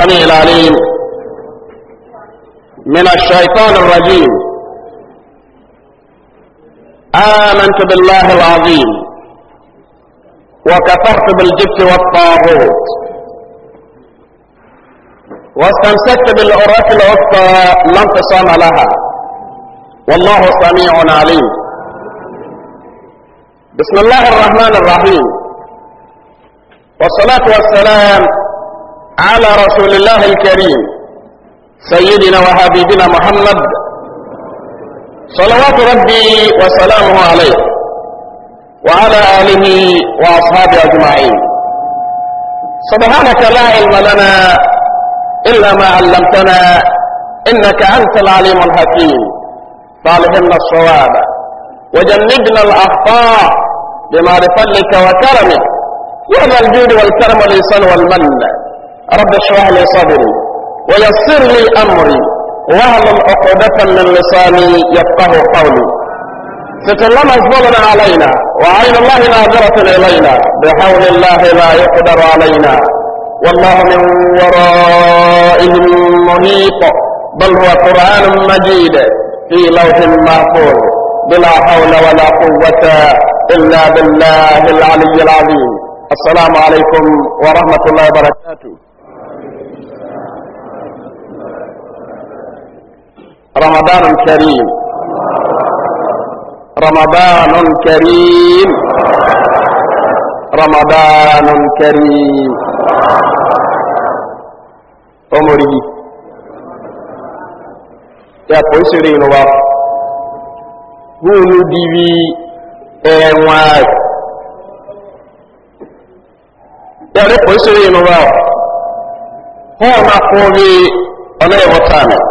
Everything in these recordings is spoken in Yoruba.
السميع العليم من الشيطان الرجيم آمنت بالله العظيم وكفرت بالجبت والطاغوت واستمسكت بالعروة العفة لا انفصام لها والله سميع عليم بسم الله الرحمن الرحيم والصلاة والسلام على رسول الله الكريم سيدنا وحبيبنا محمد صلوات ربي وسلامه عليه وعلى آله وأصحابه أجمعين سبحانك لا علم لنا إلا ما علمتنا إنك أنت العليم الحكيم فالهمنا الصواب وجنبنا الأخطاء بما وكرمك يا ذا الجود والكرم والإحسان والمن رب اشرح لي صدري ويسر لي امري واهلل عقوبة من لساني يفقه قولي فتلما الله علينا وعين الله ناظرة الينا بحول الله لا يقدر علينا والله من ورائهم محيط بل هو قران مجيد في لوح محفوظ بلا حول ولا قوة إلا بالله العلي العظيم السلام عليكم ورحمة الله وبركاته رمضان كريم رمضان كريم رمضان كريم أمره يا قيسري نوا هونو ديبي أنواع يا قيسري نوا هو ما قوي أنا وطاني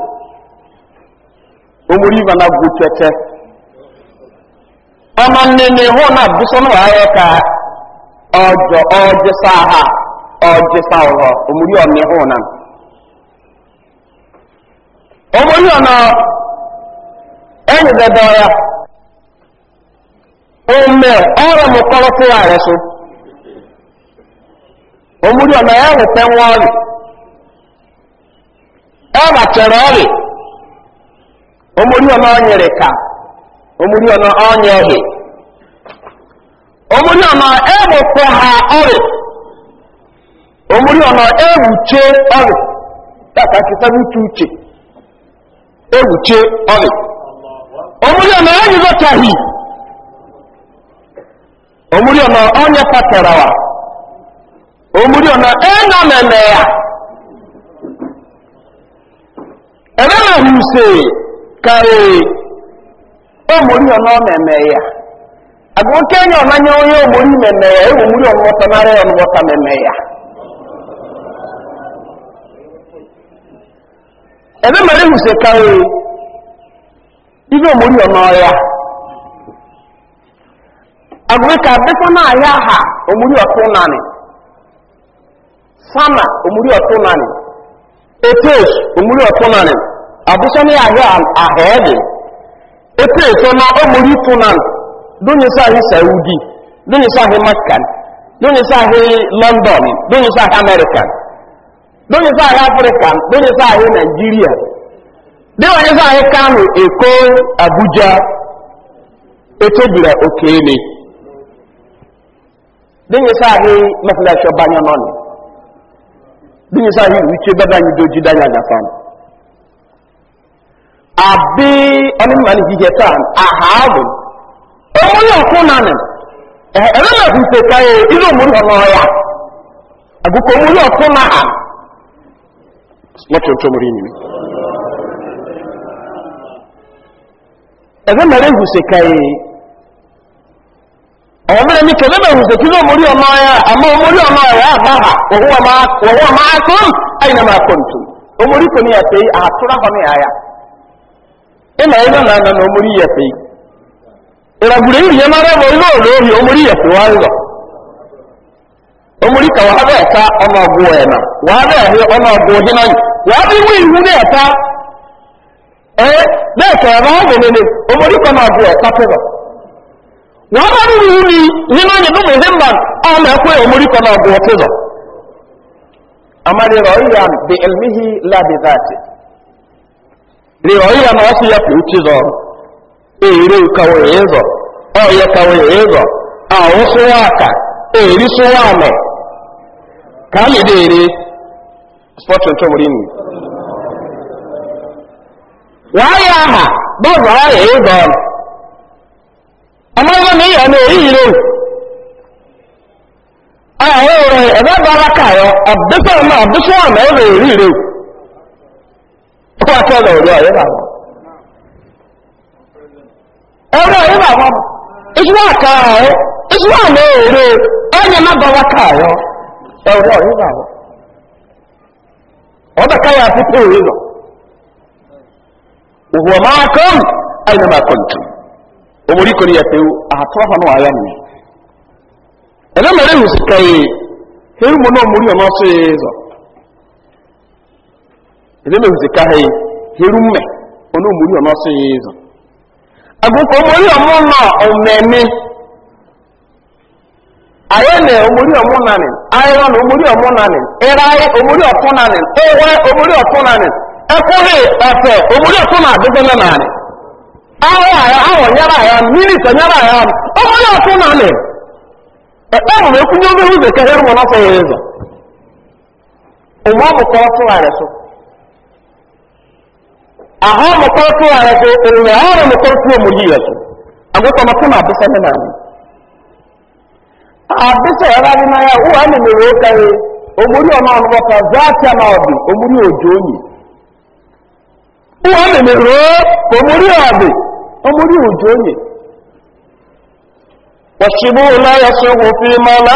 omori bana na ọmọ nínú ihò náà bísọ́nù ayẹ ká ọjọ ọjọsá ha ọjọsá ọrọ omori ọmọ ihò náà omori ọ̀nà e ẹni dẹdẹ ọya ome ọrọ mu kọrọ fún ààrẹ so omori ọ̀nà ẹ̀rù tẹ́wọ́n rì ẹ̀rù omori ọna ọnyere ka omori ọna ọnya ehe omori ọna egbukọ ha ọrị omori ọna ewuche ọrị daka kitabu tu uche ewuche ọrị omori ọna enyizọchaghị omori ọna ọnya patarawa omori ọna ena meme ya ebe na huse karịrị ọ na eme ya agụnke enye ọnanya onye omori meme ya ewu omori ọnụwọta narị ya ọnụwọta meme ya ebe mere huse karịrị ihe omori ọnọ ya agụnke abịkwa na ahịa ha omori ọtụ nanị sama omori ọtụ nanị etos omori ọtụ nanị abusani ahe aheede ete eso na omori tunan dunyi sahi saudi dunyi sahi makkan dunyi sahi london dunyi sahi american dunyi sahi african dunyi sahi nigeria dunyi sahi kanu eko abuja etobira okele dunyi sahi mafilasho banyanoni dunyi sahi wiche badanyi doji danya nyafani àbí ọlọ́mọ̀lì jíjẹ tán àhàábù ọmọlẹ́ ọ̀fún náà nì ẹ̀rẹ́lẹ̀ fi ṣe káyé inú òmùrí ọmọ ọ̀yà àgùkọ òmùrí ọ̀fún náà hàn lọ́tọ̀ tó múrí nìyí ẹ̀rẹ́ mẹ́rẹ́ ìhù ṣe káyé ọmọ mẹ́rẹ́ mi kẹ́lẹ́ mẹ́rẹ́ ìhù ṣe kí ló òmùrí ina yi zan nana na omori ya fi ina gure yi ya mara bo ilo lo hi omori ya fi wa Omuri ka wa ba ta ona ya na wa ba ona na wa bi wi ta eh na ka ba go ne ne omuri ka na go ta pe wa ba wi ni ni na ni do me hemba na ko omuri ka na go bi ilmihi la bi dhatihi rịọ ya na ọsụ ya pụ uchi zọ eri ịzọ ọya ya ịzọ ahụ aka eri sụwa ka anyị dị spọtụ ntụmụrụ imi waya aha bọzọ ọya ịzọ ọmọdé na èyí rẹ ụra wọ́n ebe ẹ̀dá bá wákà yọ ọ̀dẹ́sẹ̀ náà ọ̀dẹ́sẹ̀ àmì kó akọ́ lọ ọ̀dọ́ ayé bàbá ọ̀dọ́ ayé bàbá ìṣúná àká ẹ̀ ìṣúná àmì má bá wá ká ẹ̀ bàbá ọ̀dọ́ káyà àfikún òwe lọ òhùwà máa kọ́m àyìnbá máa kọ́ nìkan omori kò ní yẹ pé àtúrọ̀ hàn wà ileme huzika hei herumme ono omuri ono so yezo aguko omuri omo no omeme ayene omuri omo nani ayron omuri omo nani erai na opo nani ewe omuri opo nani ekuri ate omuri opo na adigbe nani awo aya awo nyara aya mmiri so nyara aya omuri opo nani ekpe mu so aha mụkọrọtụ ya so onwe ọrụ mụkọrọtụ omuli ya so agwụkọ maka ma abịsa ne na abịsa ya na ya ụwa anyị mere ụka ya ọma ọnụbọ ka ka omuli ọdị omuli oji onyi wasibu la ma la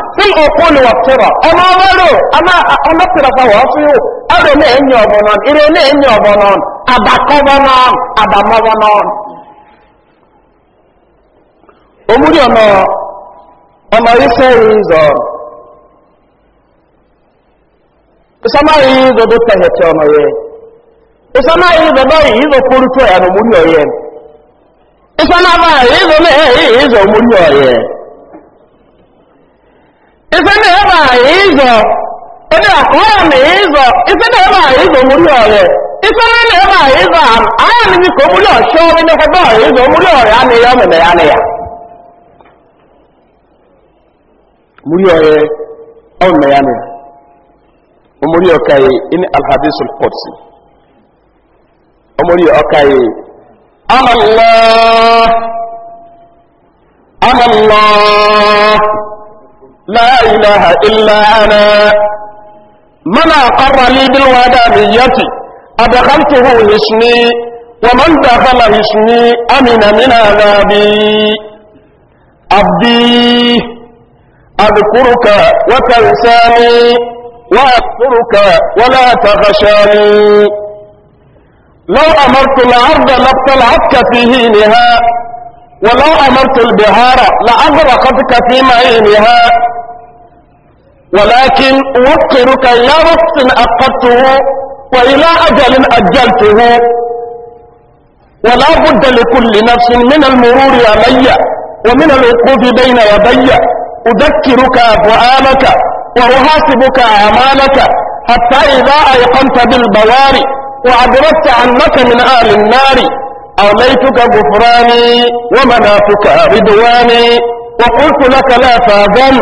Sịlị ọkpọ n'iwakuchara ama n'elu ama anapịrị aka ghọọsịrị arịọ na-enyo ọbụna ire na-enyo ọbụna abataghanan abamaghanan. Omuriyo nọ. Ama ịse ịzọ. Ịsa n'ahịa ịzụ dị icheketionoye. Ịsa n'ahịa ịzụ dị ịzokwuru chọọ ya na omuriyo ihe. Ịsa n'abalị ịzụlị ehi ịzụ omuriyo ihe. ife na ebe a ịzọ onye akọrọ na ịzọ ife na ebe a ịzọ omuri ọrịa ife na na ebe a ịzọ anya n'ibi ka omuri ọchị ọrụ nlekọta ọrịa ịzọ omuri ọrịa na ya mere ya na ya omuri ọrịa ọ mere ya na ya omuri ọkaye ịnị alhadisul qudsi omuri ọkaye ana allah ana allah لا إله إلا أنا من أقر لي بالودانية أدخلته هشمي ومن دخل هشمي أمن من عذابي عبدي أذكرك وتنساني وأذكرك ولا تغشاني لو أمرت الأرض لابتلعتك في هينها ولو أمرت البهار لأغرقتك في معينها ولكن وقرك إلى وقت أقدته وإلى أجل أجلته ولا بد لكل نفس من المرور علي ومن الوقوف بين يدي أذكرك أفعالك وأحاسبك أعمالك حتى إذا أيقنت بالبواري وعبرت عنك من أهل النار أوليتك غفراني ومنافك رضواني وقلت لك لا تأذن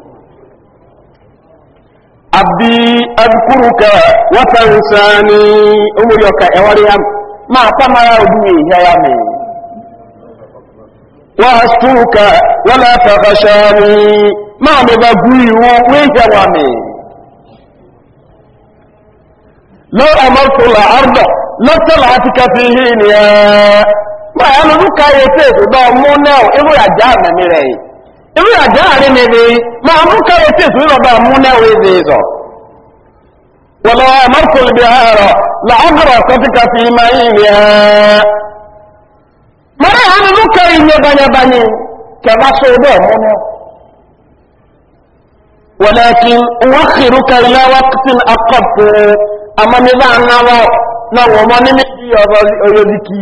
abdi adkuruka wa tansani umuri ọka ewari yam ma tama ya oduwe ya ya me wa ashtuka wa la takhashani ma me ba guiwo we ya wa me law amartu la arda la talatika fihi ya ma ya nuka yete do mo na e bo ya ja me ni re ibi àjáàrí níbi máa mú káyẹ tí ìsúrí lọ́gbà mú náwó ìdí ìzọ̀ wọ̀lọ́ mọ́kùn ibi àárọ̀ láàbùrọ̀ kọtíkà fi ma ìrì ẹ́ mọ́rẹ́ àmì mú káyẹ ní banyabanye kẹba sọ ọdọ mú náà wọ̀lẹ́kín wọ́n kìrú kẹlẹ́ wákìtín akọ̀pù amánilá náwó náà wọ́n mọ́ ní méjì ọ̀rọ̀ oyodikì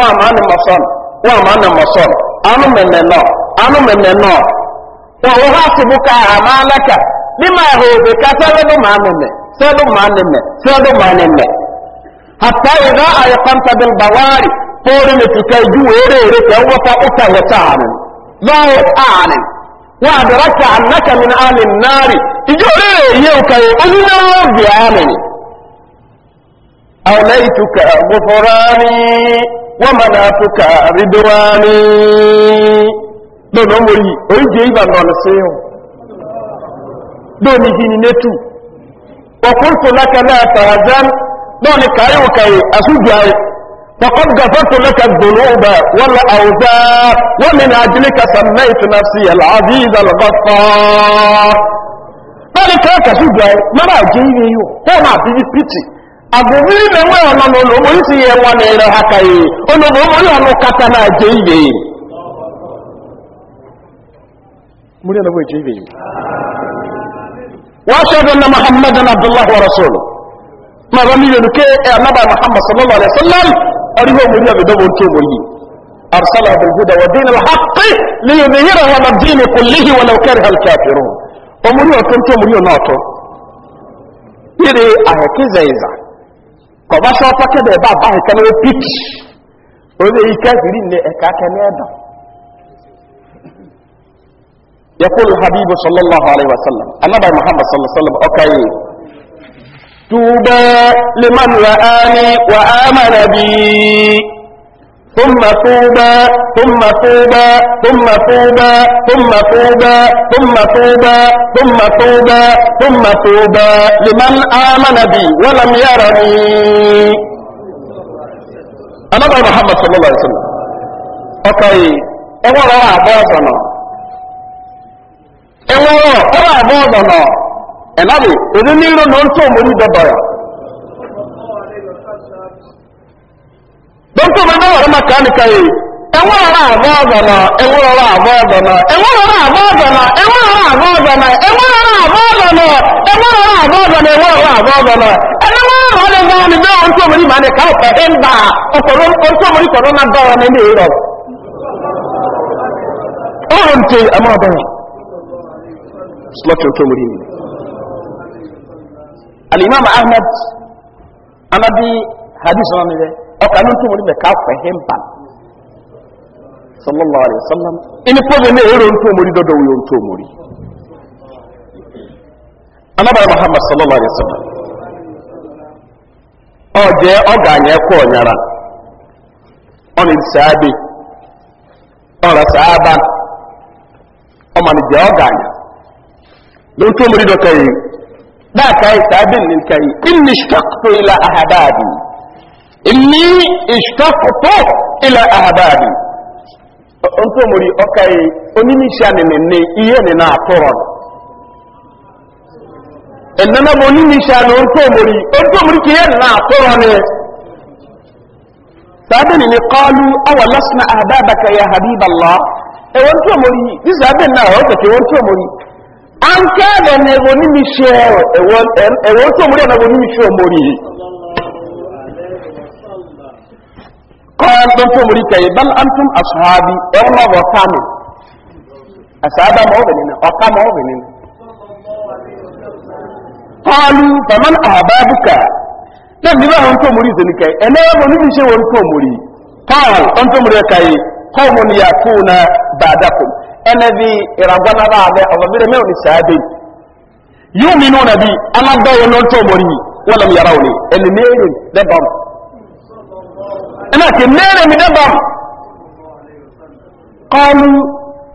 wa maana mason wa maana mason anu meneno anu meneno wa uhasibuka amalaka lima yahubika sabu manene sabu manene sabu manene hatta idha ayqanta bil bawari pori mitukaju were were kwa wata uta watani lao ani wa adraka annaka min ahli an-nar tijore yeuka yuzina bi amani أوليتك غفراني ومنافك رضواني دون عمري أرجع إبان ونسيهم دون هيني نتو وقلت لك لا تهزن دون كايوك أسجعي فقد غفرت لك الذنوب والأوزار ومن أجلك سميت نفسي العزيز الغفار ذلك لك سجعي ما لا أجيبه هو ما بيجي بيتي àbùbí ibẹ̀ wọ́n ọ̀nà olóògbò ń sì yẹ wọn ní ẹ̀rọ haka yìí olóògbò orí ọ̀nà kata náà jẹ́ ibè yìí múrí ọ̀nà jẹ́ ibè yìí wọ́n ṣẹ́dọ̀ na muhammad na abdullahi wa rasulu ma ba mi yẹnu ké ẹ̀ anábà muhammad sallallahu alaihi sallam ọdí yóò múrí ọ̀nà dọ́gbọ̀n tó wọ̀ yìí arsala abdulhuda wa dín alhaqi ni yóò ní yẹra wọn dín kullihi wọn lọ kẹrì hal kafirun ọmúrí ọ̀tọ́ tó múrí ọ̀nà ọ̀tọ́ yìí ahẹ́kí zaiza يقول الحبيب صلى الله عليه وسلم النبي محمد صلى الله عليه وسلم أوكي توبى لمن رآني وآمن بي ọzọ atụa tụatụa tụatụa tụatụba tụatụda tụatụa ọọ duruna ntụgbum dubaa dọ́kítọ̀ bá náà wọ̀rọ̀ màkà nìkà yìí ọzọ na àbọ̀ ọ̀gbọ̀nà ẹ̀wọ̀n ọ̀rọ̀ àbọ̀ ọ̀gbọ̀nà ẹ̀wọ̀n ọ̀rọ̀ àbọ̀ agba ọzọ ọ̀rọ̀ àbọ̀ ọ̀gbọ̀nà ẹ̀wọ̀n ọ̀rọ̀ àbọ̀ ọ̀gbọ̀nà ẹ̀wọ̀n ọ̀rọ̀ àbọ̀ ọ̀gbọ̀nà ẹ̀wọ̀n ọ̀rọ̀ àbọ̀ ọ̀gbọ̀nà ẹ̀wọ̀n na ahmed ọkà ní tó mọ̀lẹ́ ká fẹ̀hìn pa sallallahu alayhi wa sallam ini pọ́bẹ̀ ní dọ́dọ̀ wọ́n tó mọ̀lẹ́ anábàá muhammad sallallahu alayhi wa sallam ọjẹ́ ọgà yẹn ọ̀nà ìsáàbì ọ̀rọ̀ sáàbà ọmọ Ọ ọgà yẹn ló tó mọ̀lẹ́ dọ́kẹ́ yìí dáàkà nìkan yìí inni ishtakutu ila ahbabi onto mori okai onimisia nene ne iye ne na atoro enana bo onimisia no onto mori onto mori ki iye ne na atoro ne sabe ni qalu aw lasna ahbabaka ya habib allah e onto mori this have na o ke onto mori an ka de ne bo onimisia e won e, e onto mori na bo onimisia mori kọ́ọ̀n tó ń tó múrí kẹyì bá ń tún àṣọ́hábí ẹ̀wọ́n náà wọ́n ká mi àṣàbá mọ́ òbí nínú ọ̀ká mọ́ òbí nínú. kọ́ọ̀lù bàmán àbábùkà náà nígbà wọn tó múrí ìsìn kẹyì ẹ̀ náà wọn níbi iṣẹ́ wọn tó múrí kọ́ọ̀l wọn tó múrí kẹyì kọ́ọ̀mù ni yà kú na bàdàkù ẹnẹ bí ìràgbọ́n náà bá ọ̀bà bí rẹ̀ sáábì yóò mi nù nàbí alágbáwọn náà tó múrí wọn لكن نانا من دبا قالوا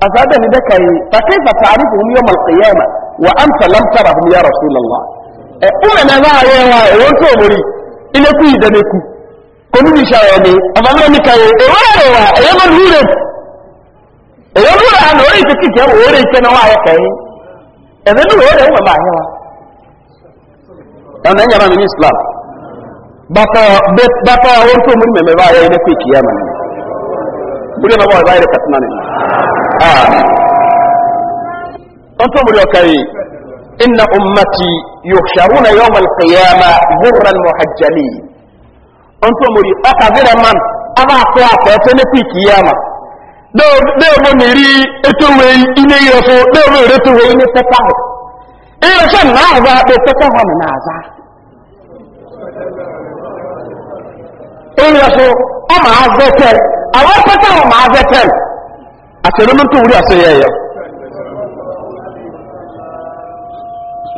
أفادني ذاك فكيف تعرفهم يوم القيامة وأنت لم ترهم يا رسول الله أمنا لا يا واي وانتو مري إلى كوي دنكو كنو بشاواني أفادني كاي إيوان روا إيوان رورد إيوان رورد أنا وريت كيك يا وريت أنا واي كاي إذا نورد إيوان ما يوا أنا يرى من الإسلام bata warko mun mai ba yayi da kai kiyama ne bude na ba da katna ne ah onto muri kai inna ummati yuhsharuna yawm al-qiyama ghurran muhajjalin onto muri aka gira man aba ko ko to ne kai kiyama do do mo ni ri eto we ine yo so do mo re to we ni tata ira san na ba do tata ha na za èèyàn so ọmọ azẹtẹl àwọn pẹtẹ ọmọ azẹtẹl àtẹnumọ tó wúri àṣẹ yẹyẹ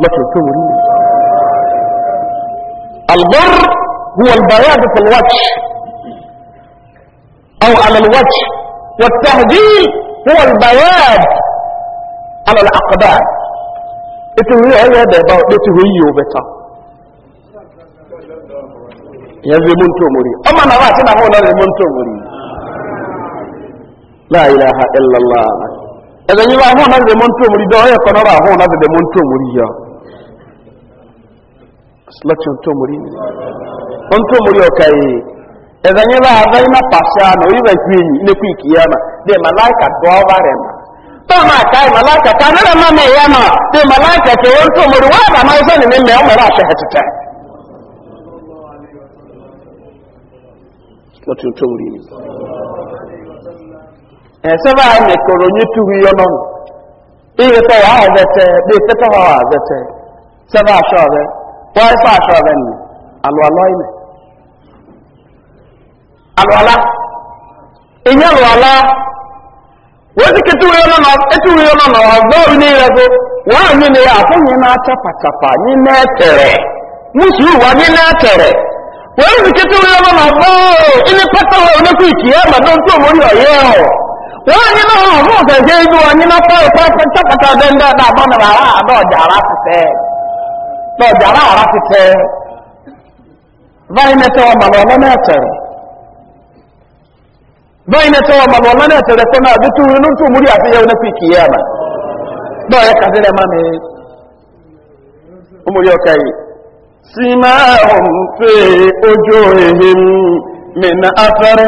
lọtọ tó wúri البر هو البياض في الوجه او على الوجه والتهذيب هو البياض على الاقدام اتو هي هي ده بتو هي وبتا yanzu mun to muri amma na ba tana hola ne mun to muri la ilaha illallah idan yi ba hola ne mun muri don ya kono ba hola da mun to muri ya selection to muri ne mun to muri o kai idan yi ba zai na pasha no yi ba kuyi ne ku kiyama de malaika do ba re ma to ma kai malaika kana ma me yama de malaika ke won to muri wa ba mai sani ne me o mara shahata lọ́tí tó rí ni ẹ̀sẹ̀ báyìí nìkọ̀rọ̀ ní tuwi yọ́nà iye tó wà á zẹ̀tẹ̀ bí tẹ́tẹ́ wà á zẹ̀tẹ̀ sẹ́fẹ́ aṣọ rẹ̀ wọ́n ẹ̀fẹ́ aṣọ rẹ̀ nì alùalọ́ ilẹ̀ alùalá ìyẹn alùalá wọ́n ti kí tuwi yọ́nà tuwi yọ́nà ọ̀gbọ́n ní ìrẹ́gbó wọ́n ni àfẹ́yìn náà tẹ́ pàtàpà ní mẹ́tẹ̀rẹ̀ wọ́n sì ké tó lọ́wọ́ máa gbọ́ ilé pẹ́tọ́wọ́ oníkú ìkìyà màdán tó mórí ọ̀yẹ́ ọ̀ wọ́n ní náà wọ́n mú gẹ̀gẹ́ ibi wọn ní náà pẹ́ẹ́ pẹ́ẹ́ tẹ́pẹ́tẹ́ dẹ́ndẹ́ àbọ̀ nàrà ara ti tẹ́ lọ́jà ara ara ti báyìí wọn lọ́nà ẹ̀tẹ̀rẹ̀ báyìí wọn lọ́nà ẹ̀tẹ̀rẹ̀ سماهم في وجوههم من أثر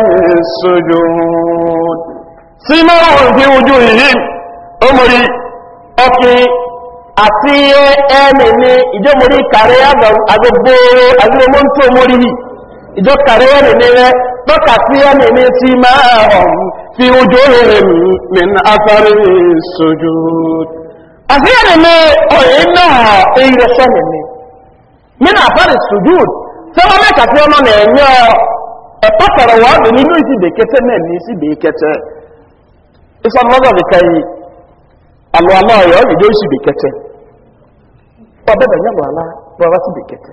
السجود سماهم في وجوههم أمري أوكي àti ẹni ni ìjọ mori kàrí agbógbóró agbógbó tó mori yìí ìjọ kàrí ẹni ni rẹ lọ́kà sí ẹni ni sí máa hàn fi ojú rẹ̀ min afárí sojú àti ẹni ni ọ̀yẹ́ náà èyí rẹ̀ sẹ́ni ni nínú àfẹ́rẹ̀ sùjúd tí wọ́n mẹ́ta tí ọmọ na-enye ọ ẹ̀pọ̀ tọ̀rọ̀ wọ́n nínú ìsìbè kẹtẹ náà ní ìsìbè kẹtẹ àlọ́ àlọ́ ọ̀yọ́ kẹtẹ ọbẹ̀ bẹ̀ yẹ̀wò àlá wá síbè kẹtẹ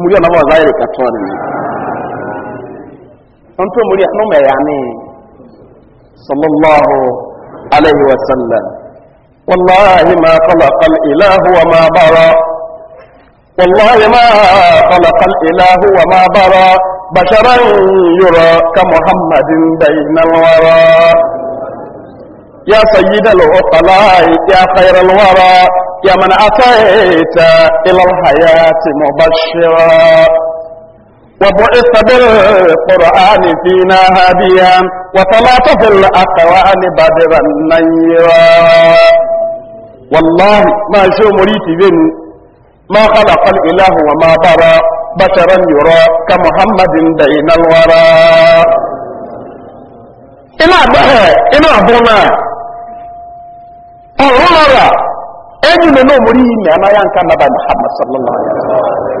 mú rí أنتم مريح نوم يعني صلى الله عليه وسلم والله ما خلق الإله وما برى والله ما خلق الإله وما برى بشرا يرى كمحمد بين الورى يا سيد العقلاء يا خير الورى يا من أتيت إلى الحياة مبشرا وبعث بالقرآن فينا هاديا وصلاة في الأقوان بدرا نيرا والله ما شو مريت بن ما خلق الإله وما برى بشرا يرى كمحمد بين الورى إلى بها إما بنا أولا أجل نمري أنا ينكر محمد صلى الله عليه وسلم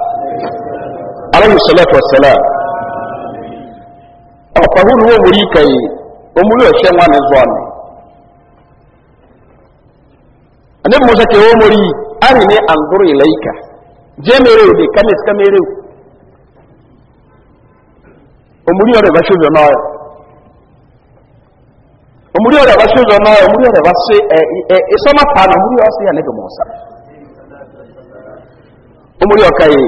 alayhi salatu wassalam ọ̀pọ̀húrú wo wòrí kẹyì omúlò ẹ̀ṣẹ́ wọn ni zuwa ni ẹni musa kẹwọ́ mọ́rí ari ni andúrú ìlẹ́yìká jẹ́ mẹ́rẹ́ òde kámẹ́sì kámẹ́rẹ́ òde omuri ọrẹ bá ṣojú náà omuri ọrẹ bá ṣojú náà omuri ọrẹ bá ṣe ẹ ẹ ìsọmọ pa na omuri ọsẹ yà níbi mọ ọsà omuri ọka yìí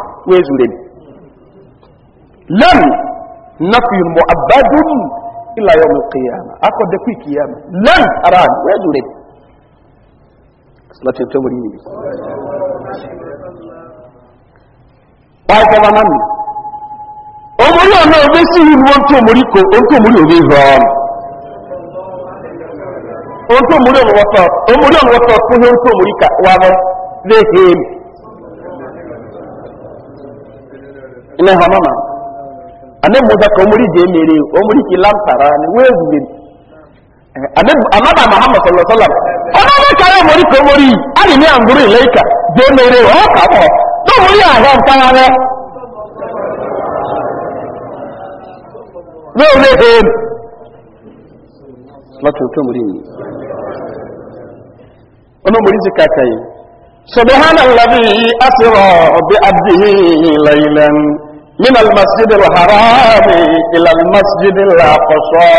wezure lam nafiyun mu'abbadun ila yawm al-qiyamah ako de ku kiyama lam aran wezure salatu tawri ni wa ka banan omori ona obe si ni won to omori ko on to omori obe ho on to omori on wata omori on wata ko on to omori ka wa ba ze him ina hama ma ane musa ka omuri je mere omuri ki lantara ni wezu ni ane amaba muhammad sallallahu alaihi wasallam ona ne kare ka omuri ani ni anguru ilaika je mere o ka mo to omuri ne ne ne lati omuri ni ona omuri من المسجد الحرام إلى المسجد الأقصى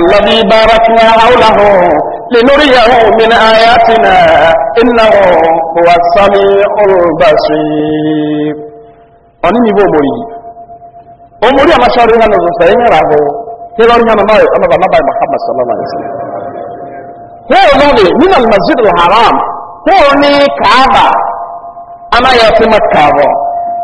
الذي باركنا حوله لنريه من آياتنا إنه هو السميع البصير أني نبو مري أمري أما شاريها نزل سيني راهو كلا ريها نمائي أما نبي محمد صلى الله عليه وسلم هو نوني من المسجد الحرام هو ني كعبة أنا يتمت كعبة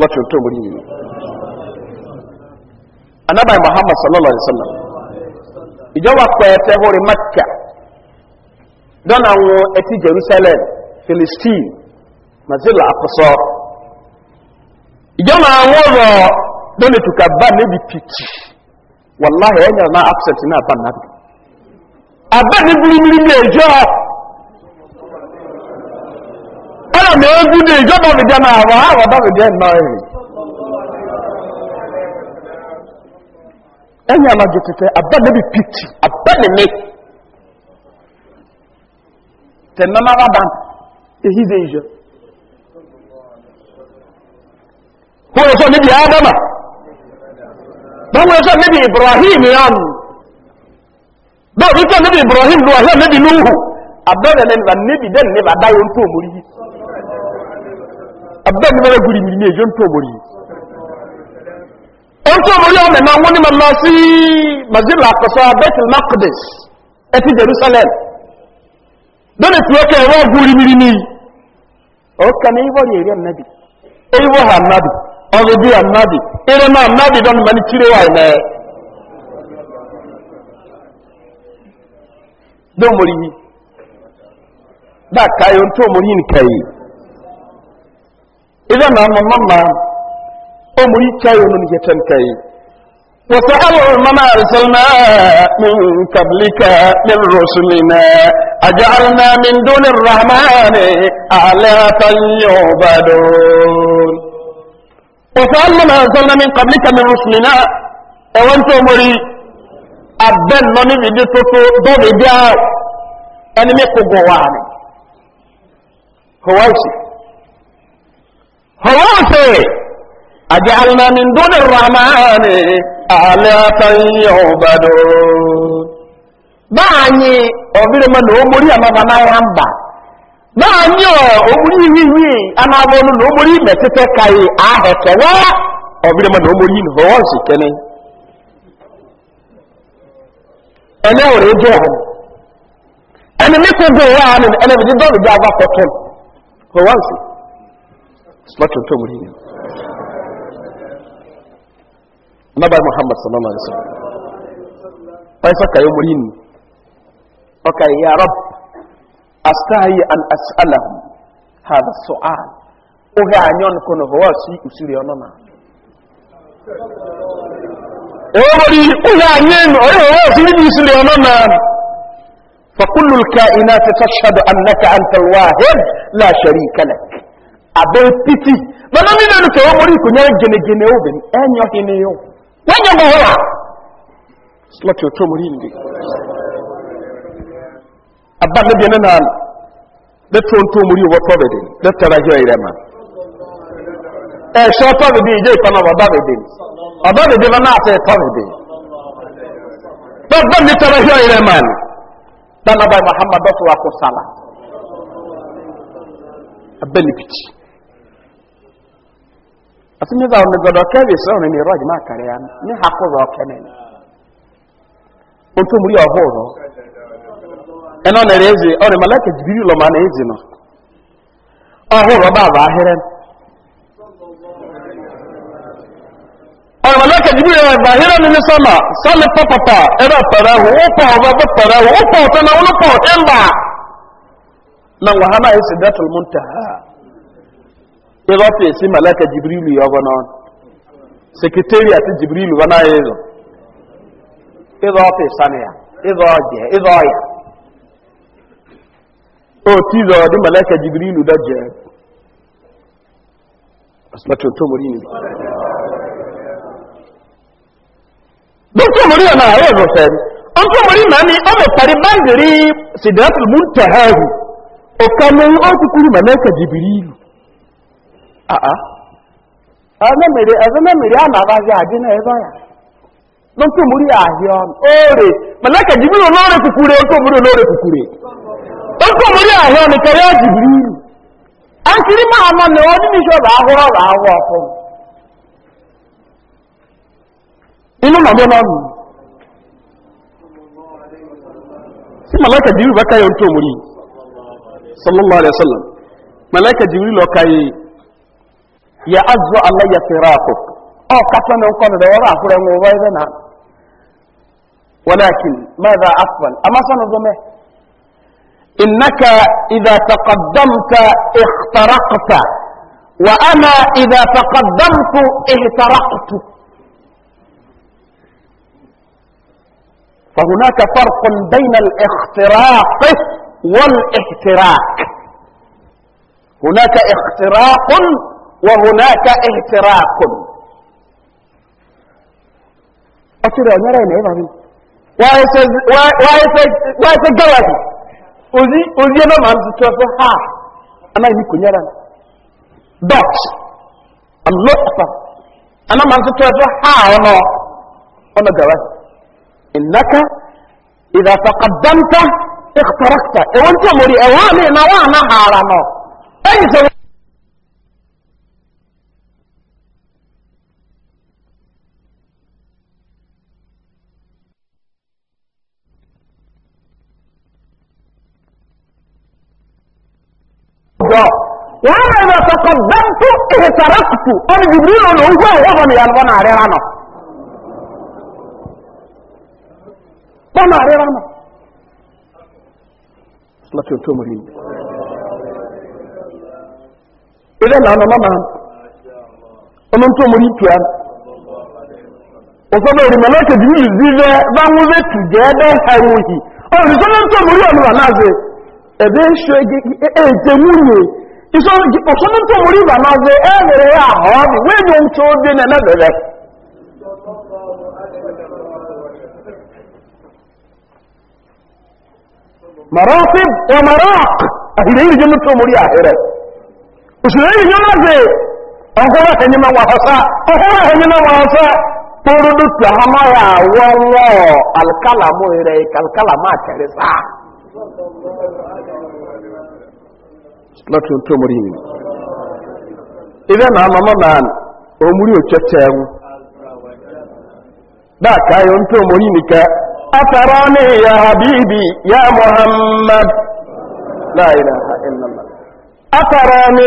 lọ́tún to múrí yìí anábàá muhammad sallallahu alaihi wasallam ìjọba pẹ̀ẹ́tẹ́ hóre makka dọ́nà àwọn eti jerusalem philistine mazila akọsọ ìjọba àwọn ọ̀rọ̀ dọ́nà ìtùkà bá níbi pìtì wàláhẹ̀ ẹ̀yàn na absent náà bá náà abẹ́ ní bíríbírí ní ẹjọ́ ọ̀rọ̀ mi ó gúdé ìjọba ìjẹ́ náà àwọn àwọ̀dọ́ ìjẹ́ náà rí ẹni àmàjò tẹ̀tẹ̀ àbẹ́lẹ́bì pìtì àbẹ́lẹ́mí tẹ̀nàmára dàn èyí dé ìjọ wọ́n yóò sọ níbi ádámà wọ́n yóò sọ níbi ibrahim yàn bẹ́ẹ̀ wípé níbi ibrahim lọ́wọ́ níbi lúhù àbẹ́lẹ́mí níbi dẹ́nu níbi adáyọ̀ tó mú yìí abẹ́ni mẹ́rẹ́ gúrì mìí ní èjò ń tó mórí ó ń tó mórí ọmọ ẹ̀mọ́ wọn ni mo lọ sí mazila àkọsọ bethel makdis jerusalem lónìí tí ó kẹ ẹwọ́ gúrì mìí ní ó ní ìwọ́ yẹ̀ rí ànábì ìwọ́ ha ànábì ọ̀rọ̀ bí ànábì na náà ànábì dọ́nà mẹ́ni kiri wà ilẹ̀ إذا ما مما أمري كاين يتنكي وسألوا مما أرسلنا من قبلك من رسلنا أجعلنا من دون الرحمن آلهة يعبدون وسألوا مما أرسلنا من قبلك من رسلنا أوانت أمري أبن نوني فيديو توتو دو فيديو أنمي قبواني هو أوسي هواسي أجعلنا من دون الرحمن آلهة يعبدون báànyì ọ̀bìnrin mọ́ ní omori àmàbà náà yà ń bà báànyì omori wíwí anábọ̀ ní ní omori mẹ́tẹ́tẹ́ káyé ahẹ̀kẹ́ wá ọ̀bìnrin ní omori ní kẹ́ni ẹni ọ̀rẹ́ ọ̀hún ẹni sọ́tò tó mú yìí nabà muhammad sallallahu alaihi wasallam paisa kayo murini okay ya rab astahi an as'alahum hadha su'al o he anyon kono ho wasi usiri onona o mori o he anyen o he wasi usiri onona فكل الكائنات تشهد انك انت الواحد لا شريك لك abẹ́ títì lọ́nà nínú ẹnu kẹwọ́ mọ́rí ìkònyá gẹnẹgẹnẹ obìn ẹ̀yọ́ hìnì yóò wọ́n yẹ gbogbo wà slọ́tì ọ̀tọ́ mọ́rí ìndì abá níbi ẹni náà lẹ́tọ́ ọ̀tọ́ mọ́rí omuri tọ́ bẹ̀dẹ̀ lẹ́tọ́ra jọ ìrẹ́ ma ẹ̀ṣọ́ tọ́ bẹ̀dẹ̀ ìjẹ́ ìpamọ́ ọ̀bá bẹ̀dẹ̀ ọ̀bá bẹ̀dẹ̀ bá náà tẹ́ tọ́ bẹ̀dẹ̀ tọ́gbọ́n mi tọ́ra jọ ìrẹ́ ma ni dáná báyìí muhammadu sọ̀rọ̀ akọ sálà abẹ́ níbi ati mi baa ɔnigbɔdɔ kɛbi sɛ ɔni rɔdi ma kari ya mi ha kó rɔ kɛnɛ o tóbi yɛ ɔhó rɔ ɛnɛ rɛ malaka jibiri lɔ ma na ezi nɔ ɔhó rɔ baa malaka jibiri lɔ baa hɛrɛ ni nisama papapa ɛrɛ pɛrɛ wo o pɔ ɔbɛ bɛ pɛrɛ wo o pɔ ɔtɛnɛ wo pɔ na wahana esi dɛtɛl mu ịzọ ọfịs malaka jibrilu ya ọgọnọ sekretariat jibrilu ọ naghị ịzọ ịzọ ọfịs anị ya ịzọ ọjị ịzọ ọya otu ịzọ ọdị malaka jibrilu dọje asibati otu omori ni omori ya na-ahụ ịzọ sịrị otu omori na ni ọ mụtara bandiri sidratul muntahahu ọkamu ọ kwukwuru malaka ememere ah, ah. mere a na-abazi adị n'ebe ya n'ntomori ahịa ọnụ ore malaka jibiri n'ore kwukwure ntomori n'ore kwukwure ntomori ahịa ọnụ karịa jibiri iru akiri ma ama na ọ dịghị ihe ahụrụ ọrụ ahụ ọkụ inú màmú n'ọnụ sí malaka jibiri baka ya ntomori sallallahu alaihi wasallam يعز علي فراقك أو كتنا نقول ده وراء كل موبايلنا ولكن ماذا أفضل أما سنظمه إنك إذا تقدمت اخترقت وأنا إذا تقدمت اهترقت فهناك فرق بين الاختراق والاهتراق هناك اختراق وهناك اهتراق أترى أنا رأينا إيه مامين وايسا جوادي وزي وزي أنا ما أمزي توفي ها أنا يمكن يرى دوت الله أكبر أنا ما أمزي توفي ها أنا أنا جوادي إنك إذا تقدمت اخترقت إيه، وانت مري أوامي نوانا هارانو أي سوى ọjọọ wọn bẹ bẹ sọkọ bẹntu ìhìtàràkùtù ọdún jìbìrì lọ lọ ojú ẹwọ bọ nìyàwó bọ nàárẹ rà nọ bọ nàárẹ rà nọ. láti ọtọ mọ yìí ilé ìlànà ọmọ máa ọmọ tó mọ yìí tù á òsọdọ òrìmọ lọkẹ jìbìrì ebe esho e, ete nwunye ụfọdụ ntụmụrụ iba n'ọzọ e mere ya ahụ ọdị wee nye ntụ dị na-emebere ya ahịrị iri ahịrị usoro nye ọzọ ọhụrụ ahụ nye nwa ọhụrụ ahụ nwa kpụrụ N'otu ntomori nwunye. Ibe na anọ na anọ. Omuli oche teewu. Daa ka anyị ntomori n'ike. Asarọ m ya Habib ya Muhammad. Naanị. Asarọ m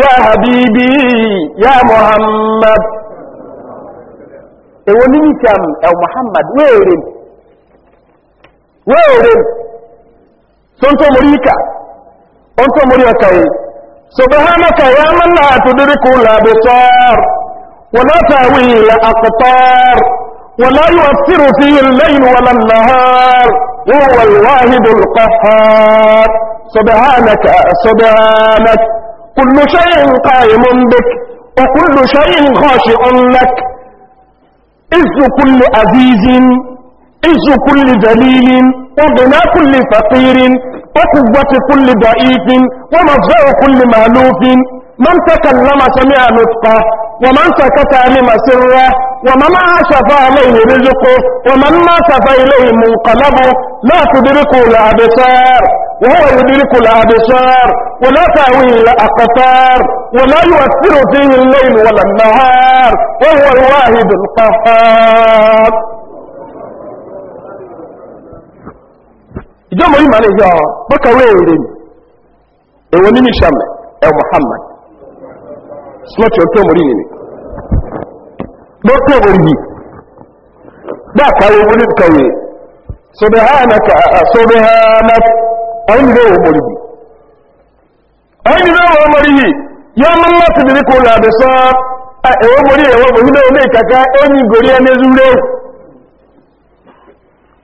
ya Habib ya Muhammad. E nwanne anyị nke amụta n'Omuhammad wee nwere. Wee nwere. So ntomori أنت مريكي سبحانك يا من لا تدرك الأبصار ولا تأوي الأقطار ولا يؤثر فيه الليل ولا النهار وهو الواهب القهار سبحانك سبحانك كل شيء قائم بك وكل شيء خاشع لك إذ كل عزيز إذ كل ذليل وغنى كل فقير وقوة كل ضعيف ومضجع كل مألوف من تكلم سمع نطقه ومن سكت علم سره ومن عاش فعليه رزقه ومن مات فإليه منقلبه لا تدركه الأبصار وهو يدرك الأبصار ولا تأويه الأقطار ولا يؤثر فيه الليل ولا النهار وهو الواهب القهار ìjọ mọ̀ ìmọ̀ níjọ́ bọ́kàwé èrè ni èwo ní nìṣàmẹ̀ ẹ̀ muhammad slọ́tì ọ̀tọ́ mọ̀ ìyìn ni lọ́tọ̀ òyì bá kàwé wọlé kàwé sọdọ̀ ha na ka sọdọ̀ ha na ọ̀yìn lé wọ̀ mọ̀lì yìí ọ̀yìn lé wọ̀ mọ̀lì yìí yọ mọ́ mọ́ ti dìrí kò làbẹ̀ sọ́ ẹ̀wọ̀ mọ̀lì ẹ̀wọ̀ mọ̀lì lé wọ̀ mọ̀lì kàkà ẹ̀yìn gòrí ẹ̀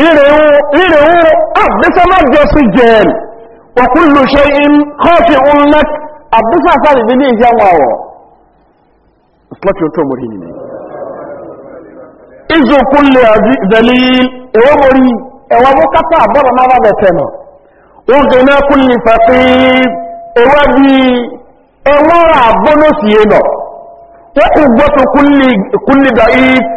irewo abdisama jẹsi jẹẹl wakullu shayin kọfi unnak abdisama da bili ya wawo islati oto mori ne izu kulli dalil ewa mori ewa bukata abara na ba betena ogena kulli faqir ewa bi ewa abono siye no wa kubbatu kulli kulli da'if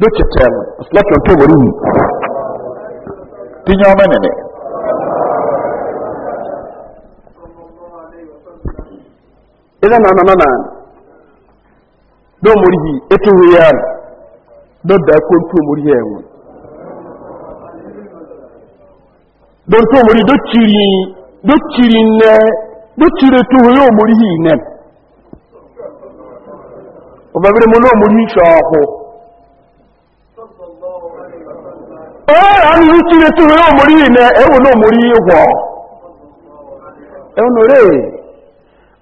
do tetɛm ɔsilɔtɔ tó wòle yi tinyɛ ɔmɛ nene. ilé nana nana do mori yi eti wuya do da ko tó mori yɛ ŋu do tó mori do tiri do tiri nɛ do tiri tó wuya o mori yi nɛ o bɛ wuli mo n'o mori sɔɔ ko. etu ẹ̀rọ àmì ìtúrẹ tó rẹ̀ òmòrí ọ ẹ̀rùn náà mórí wọ̀ ẹ̀rùn rẹ̀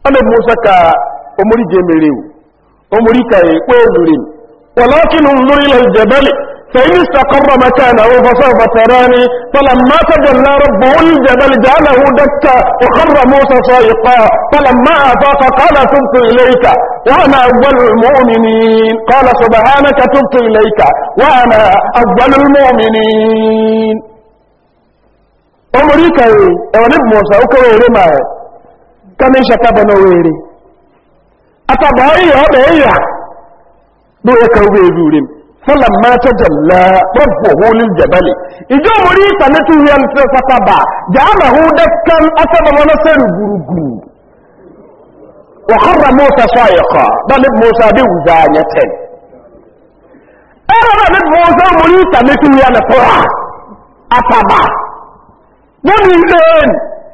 ọmọ mọ́sàkà òmòrí jẹ mẹ́rẹ̀ òmòrí kàyẹ̀ pé òmòrí wọ̀lọ́kínú lórí ilẹ̀ ìjẹ̀bẹ́lẹ̀ فإن استقر مكانه فسوف تراني فلما تجلى ربه الجبل جعله دكا وخر موسى صائقا فلما أفاق قال تبت إليك وأنا أول المؤمنين قال سبحانك تبت إليك وأنا أول المؤمنين أمريكا أولي موسى أكويري ما كم شكبنا ويري أتبعي هذا هي دوية كوبي فلما تجلى ربه للجبل إجو مريتا نتوه ينفسطبا جعله دكا أسد ونصر جرجو وخر موسى صايقا بل موسى بوزانية أرى بل موسى مريتا نتوه ينفسطبا أطبا ومن ذين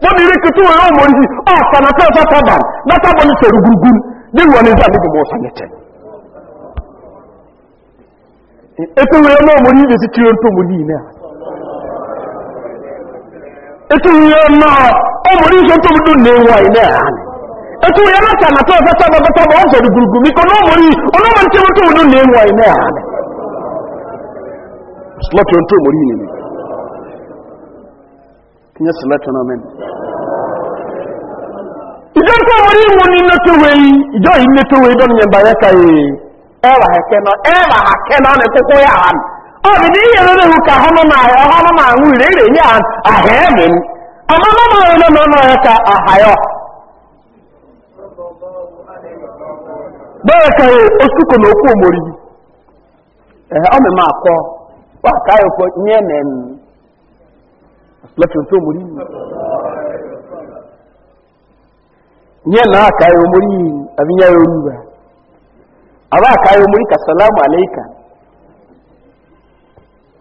wọ́n ní kìtúwò yóò mọ̀ ní ọ̀sán àti ọ̀sán tọ́bà látàbọ̀ ní sẹ̀rù gúrgún ní wọ́n ní ìjọ́ àmì ìgbìmọ̀ ọ̀sán yẹtẹ̀lẹ̀ ekewere n'omuri ibe sikiri ntomuri ine a ekewere na omuri iso na n'enwa ine a ekewere na kana to sa sa baba baba ozo gurugu miko n'omuri onomuri tebe ntomuri n'enwa ine a slot na men ijo ntomuri mu ni netowe ijo ka ẹwà ẹkẹnọ ẹwà akẹnọ ní kókó yà wà ní. ọbì ní yẹn lórí ìhùkà ọmọ náà ẹ mi ka yẹ oṣù kò ní okú òmòrì yìí. ẹ̀ ọmọ máa kọ́ wà á káyọ̀ pọ̀ ní ẹ̀ nà ẹ̀ nù. lọ́tún tó òmòrì yìí. ní ẹ̀ náà aba kayo muri ka salamu alayka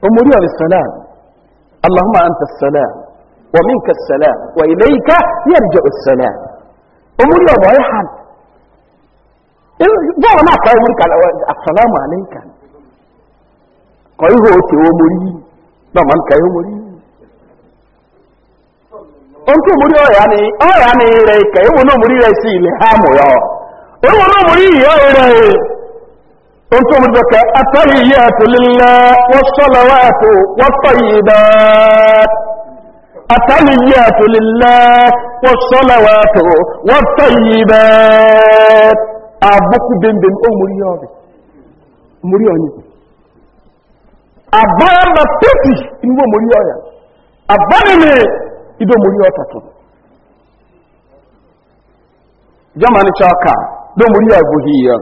umuri wa salam allahumma anta salam wa minka salam wa ilayka yarja'u salam umuri wa bayhan ba wa na kayo muri ka assalamu alayka ko yi hoce wo ba man kayo muri on ko muri o ya ni o ya ni re ka e wo no muri re si le ha o wo no muri yo انتم ذكاء التحيات لله والصلوات والطيبات التحيات لله والصلوات والطيبات ابوك بن بن امريون امريون ابايا ما تتي انو امريون ابايا ما ido muri otatu jamani chaka do muri abuhiyan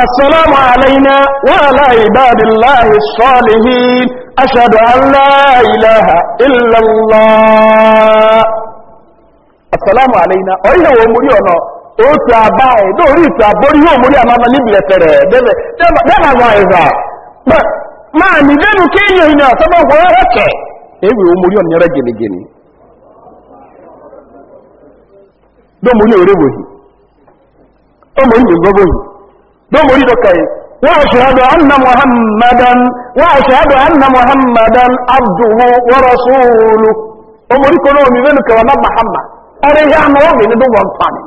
السلام علينا وعلى عباد الله الصالحين أشهد أن لا إله إلا الله السلام علينا أين هو مريونا otu abaghị n'ori ite abụrụ ihe omori amama libiletere debe debe agwa ịza maani denu دون مريد كاي واشهد ان محمدا واشهد ان محمدا عبده ورسوله امري كنو مي بنك ولا محمد اري يا نوبي ندو وانفاني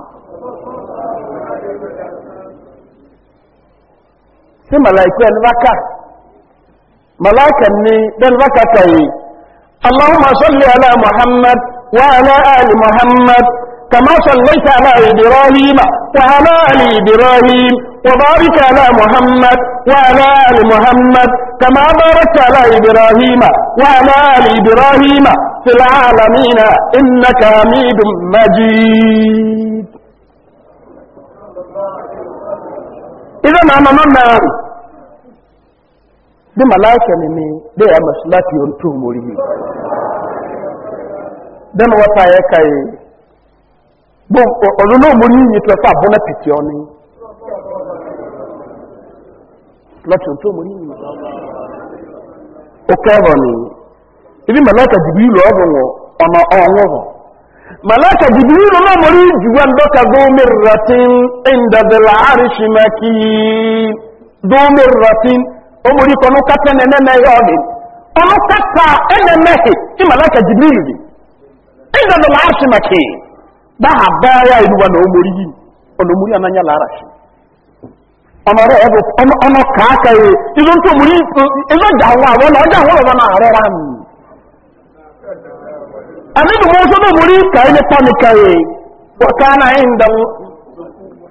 sai malaiku yan baka malaikan ne dan baka kai Allahumma salli ala Muhammad wa ala ali Muhammad kama sallaita ala Ibrahim wa ala ali Ibrahim وبارك على محمد وعلى آل محمد كما باركت على إبراهيم وعلى آل إبراهيم في العالمين إنك حميد مجيد إذا ما ممنا دي ملائكة مني دي أمسلات ينتو مريه دي موطا يكاي بو أولو مريه يتلفع بنا بتيوني lọ́tún tó mọ̀rí yìí ó kẹ́rọ̀ ni ibi màláka jìbìlù ọ̀rọ̀ wọn ọmọ ọ̀wọ́ wọn màláka jìbìlù náà mọ̀rí jùwà dọ́ka gómìnratin ìndàdàlà àríṣìmákì gómìnratin ó mọ̀rí kọ́nú kápẹ́ nẹ́nẹ́ yọ̀ ni ọ̀nà kápá ọmọdé ẹbù ọmọ kàákàrí ìlú tó mú ìlú ọjà àwọn àwọn ọjà àwọn ọmọ náà rẹ̀ rán mi àmìlù mọ́ sọ́dọ̀ mú ní kàí ní pàmìkàrí wọ̀ká náà ìndà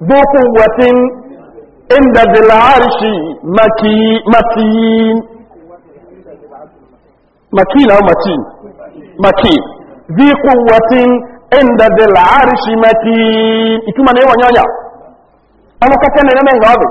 gbókù wẹ̀tí ìndà dìlà àríṣì makiyin àwọn makiyin makiyin bí kù wẹ̀tí ìndà dìlà àríṣì makiyin ìtumọ̀ ní wọ̀nyọ́nyà ọmọ kẹtẹ́ nìyẹn mẹ́rin ọ̀bẹ̀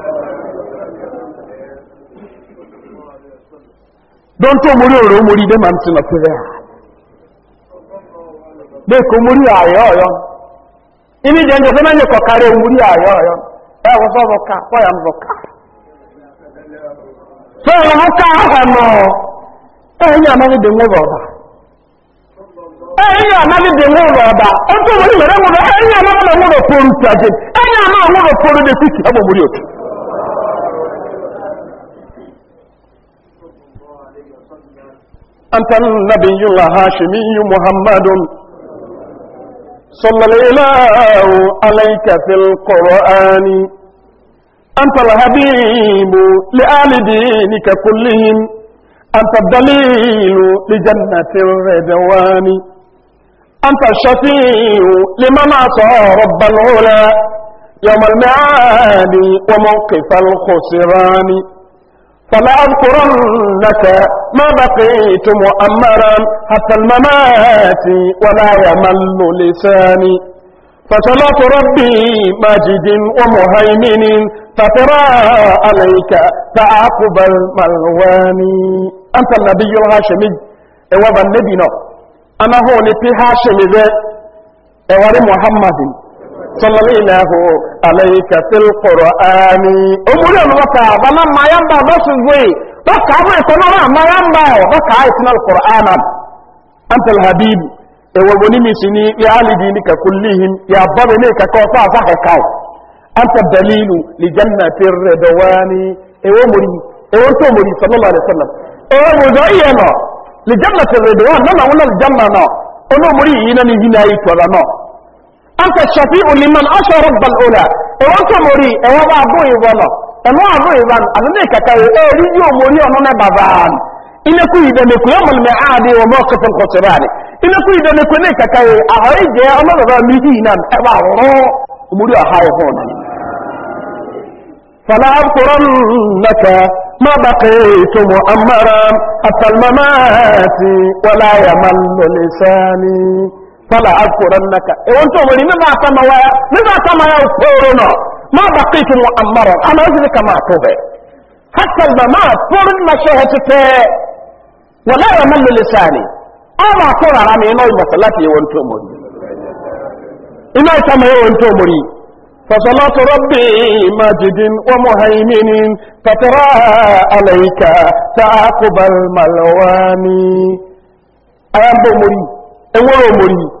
don to muri oro muri de man tin ko ya de ko muri ayo yo ini ko kare ayo yo e wo so ka ko ya mbo ka so wo ka ha no e nya na de ngo e nya na de ngo o to muri re ngo e nya na ngo ngo ko ru e nya na ngo ko de أنت النبي الهاشمي محمد صلى الله عليك في القرآن أنت الحبيب لآل دينك كلهم أنت الدليل لجنة الرضوان أنت الشفيع لمن عصى رب العلا يوم المعاد وموقف الخسران فلأذكرنك ما بقيت مؤمرا حتى الممات ولا يمل لساني فصلاة ربي ماجد ومهيمن فترى عليك تعاقب الملوان أنت النبي الهاشمي وابا النبي أنا هو في هاشمي ذا محمد صليناه عليك في القرآن امور الوفاء بنا ما ينبع بس الزوي بكا ما يتنرى ما ينبع بكا يتنى القرآن أنت الحبيب وولمي إيوه سني يا علي دينك كلهم يا ضرنيك كوفا فحكاو أنت الدليل لجنة الردوان أمولي إيوه إيوه أنت أمولي صلى الله عليه وسلم أمولي لجنة الردوان لما قلنا الجنة أمولي إنني هنا يتوى أنت الشفيع لمن أشى رب الأولى وأنت مري وأبا أبو إبانا أنا أبو إبان أذنك كي أريد مري أنا بابان إن كوي دنك يوم المعاد وموقف الخسران إن كوي دنك نك كي أريد أنا بابان مهينا أبا رو مري أحاي هون فلا أبقرنك ما بقيت مؤمرا حتى الممات ولا يمل لساني فلا أذكر أنك إيه وانتو ولي نما أسمى ويا نما أسمى يا أفورنا ما بقيت مؤمرا أنا أذلك ما أتوبي حتى البماء أفور ما شهتك ولا يمل لساني أما أفور عرامي إنو يبطلتي وانتو ولي إنا أسمى يا وانتو ولي فصلاة ربي ماجد ومهيمن فترى عليك تعقب الملواني أنا بومري إنو مري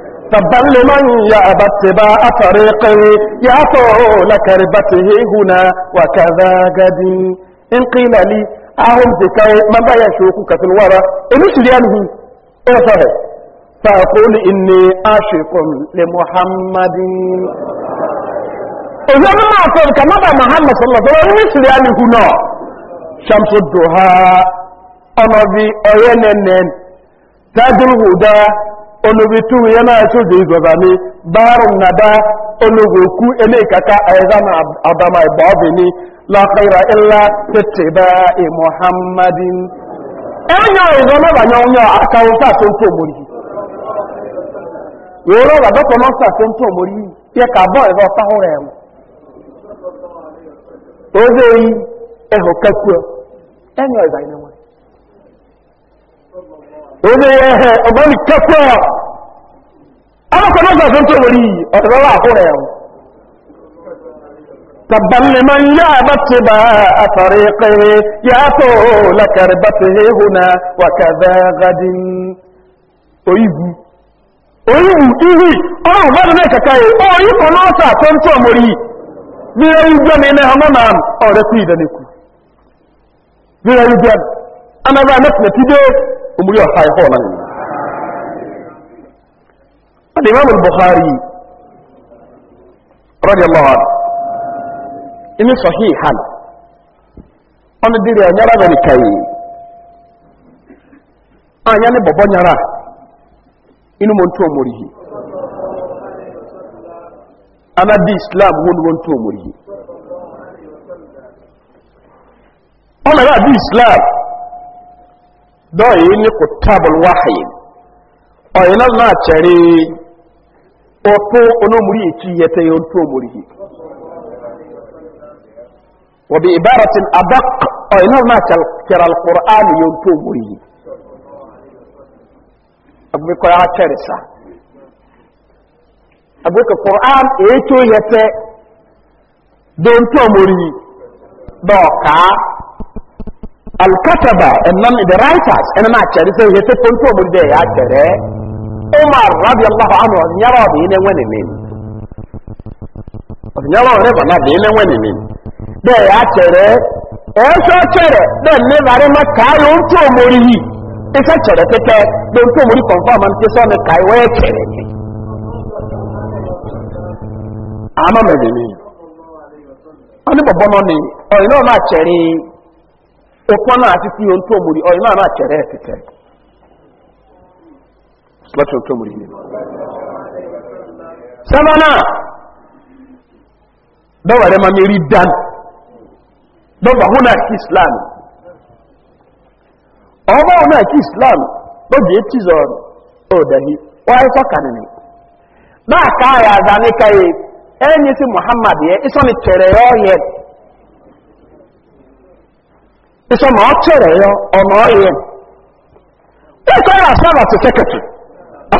تبا لمن يأبى اتباع طريقي يعفو لكربته هنا وكذا قد إن قيل لي أهم ذكاي من لا يشوكك في الورى إنش لأنه أفره فأقول إني عاشق لمحمد إذا ما أقولك ماذا محمد صلى الله عليه وسلم إنش لأنه هنا شمس الدهاء أنا في أينين تدل هدى onobitu yana izo zane barun na da onogoku elekaka aizana adama ibabini la khaira illa tattiba'i muhammadin enyo izona banya onyo akawuta to nto mori yoro ba doko no sa to nto mori ka bo e ba hụrụ hore em ozeyi eho enyo onye ya ehe ọgbọnị kekwe ya akwụkwọ n'ọzọ ọzọ ntọ nwere iyi ọdịrọrọ ahụrụ ya tabban liman ya bace ba ya to lakar bace na wakaza gadin oyibu oyibu ọrụ mmadụ na ya nwere mmiri umuri wa sai ko nan al imam al bukhari radiyallahu anhu ini sahihan on dire nyara ga kai anya ah, ne bobo nyara inu mo ntu omuri hi ana di islam won won tu omuri hi ona ga di islam dɔɔ yi ne ko taabol wahayi ɔ yi na naa kyɛre o to ono muri yi kyi yɛ tɛ yɛ o to muri yi wa bi ibaratin adak ɔ yi na naa alqur'an yɛ o to muri yi agbe kɔ yaa kyɛre sa agbe ka qur'an yɛ to yɛ tɛ to muri yi dɔɔ alkataba ɛnam the writers ɛna na akyɛre sɛ yɛsɛ ponto mu dɛ yɛ akyɛrɛ umar rabi allahu anhu ɔnyɛrɛ ɔde yɛ nɛwɛ ne nin ɔnyɛrɛ ɔde bɔ na de yɛ nɛwɛ ne nin dɛ yɛ akyɛrɛ ɛsɛ kyɛrɛ dɛ ne bare ma kaa yɛ onto mu yi ɛsɛ dɛ yi sɛ kaa yɛ wɔyɛ kyɛrɛ ama mɛ ni ɔne bɔbɔ ọ̀pọ̀ na àti fi ohun tó mú rí ọ̀yìn náà náà kẹrẹ ẹ̀ tẹ̀tẹ̀ láti ohun tó mú islam ọmọ hún islam lóbi etí zọrọ ọ̀dàhí wọ́n á na aka náà káàyà àdáníkà yìí ẹ̀yìn muhammad yẹ ya nso ma ọ chere ya ọ ma ọ ya serve na a secretary a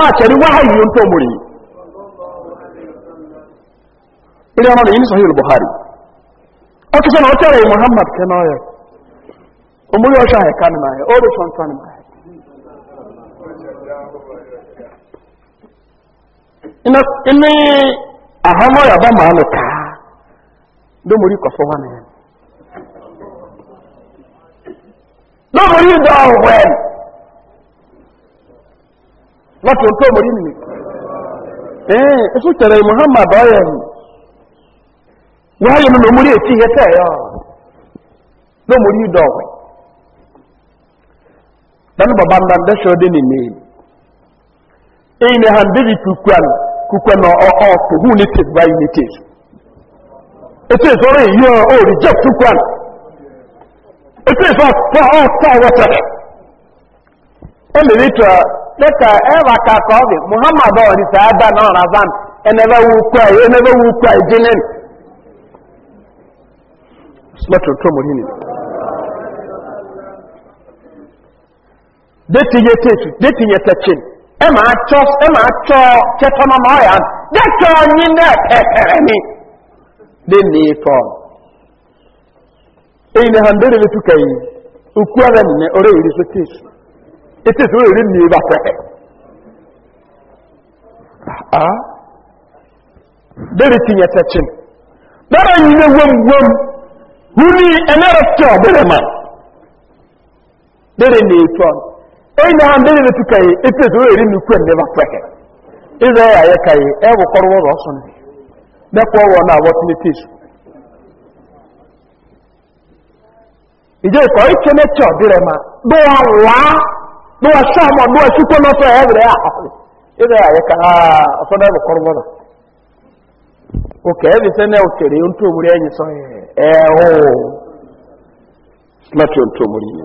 ma chere wa ha yi nto omori ilé ọmọ yìí ní buhari ọ kí sọ́nà ọ chere ya muhammad kẹ́ náà yẹ omori ọṣọ àyẹ̀ká ni máa yẹ domori kɔfɔ wa mɛ domori dɔ wɛ lɔtɔ tó mori mi ɛɛ esu tɛrɛ muhammad ɔyɛ mi wáyé mi lomori eti yɛ tɛ yɔ domori dɔ wɛ dani baba ndan dɛ sɔ de nene eyi ne han debi kukuan kukuan ɔ ɔ tohu ne te ba yi ne te so. ètò ìsọ̀rọ̀ ìyọ́ òòrì jẹ́ tukwan ètò ìsọ̀tọ̀ ọ̀tọ̀ wọ́tẹ̀ ó lè rí tọ́ lẹ́kà ẹ̀rọ àkàkọ́ ọ̀bì muhammadu ọ̀rì sàádà náà razan ẹnẹ́bẹ̀ wú kọ́ ẹ̀ ẹnẹ́bẹ̀ wú kọ́ ẹ̀ jẹ́nẹ́n slọ́tọ̀ tó mọ̀ nínú dẹ́tìyẹ tẹ́tù dẹ́tìyẹ tẹ́tìn ẹ máa tọ́ kẹtọ́ mọ́ mọ́ ọ̀yà dẹ́tọ́ yín náà ẹ̀ẹ̀rẹ̀ ni denne kon ene handere le tukai ukwara ne ore iri so etis ore iri ni ba fe a dere tinya tachin dara ni ne wom wom huni enara to dere ma dere ni kon ene handere le tukai etis ba ya ya e wo korwo ro mẹ́kọ́ ọ̀rọ̀ náà wọ́n ti ní tèṣù ìjẹ́ ìkọ̀ ìké mẹ́tọ̀ dìrẹ̀ ma bí wọ́n wá bí wọ́n sọ ọmọ bí wọ́n sí ah, tó lọ́sọ̀ ẹ̀rẹ̀ àkọ́kọ́ ìrẹ̀ àyẹ̀ká ọ̀sọ́dọ̀ ẹ̀rọ kọ́rọ́ mọ́nà òkè ẹ̀rì sẹ́nẹ̀ òkèrè ohun tó múrí ẹ̀yìn sọ ẹ̀ ọ̀ láti ohun tó múrí yìí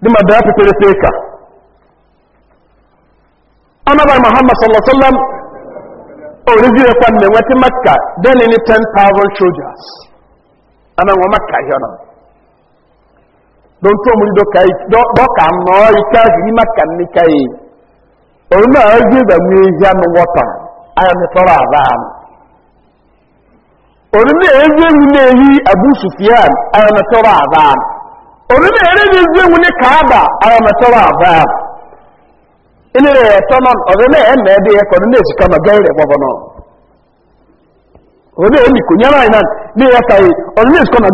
di ma bịa pepere fe ka muhammad sallallahu alaihi wasallam orizire kwa mme nwete makka deni ni 10,000 soldiers ana nwa makka ihe ọna don tó mú dọ́ka dọ́ka nọ ika yìí makka nìka yìí òun náà ẹgbẹ́ omume yɛrɛ bi zi wuli kaaba awɔmɛtɔba abaa ɛni yɛ ɛtɔ nɔ ɔbɛmɛ yɛ mɛ bi yɛ kɔni n'esi kama gɛyi rɛ bɔbɔ nɔ ɔbɛmɛ yɛ mi ko nyɛma yi nan anyị yɛ ya ya ɔni n'esi kama ni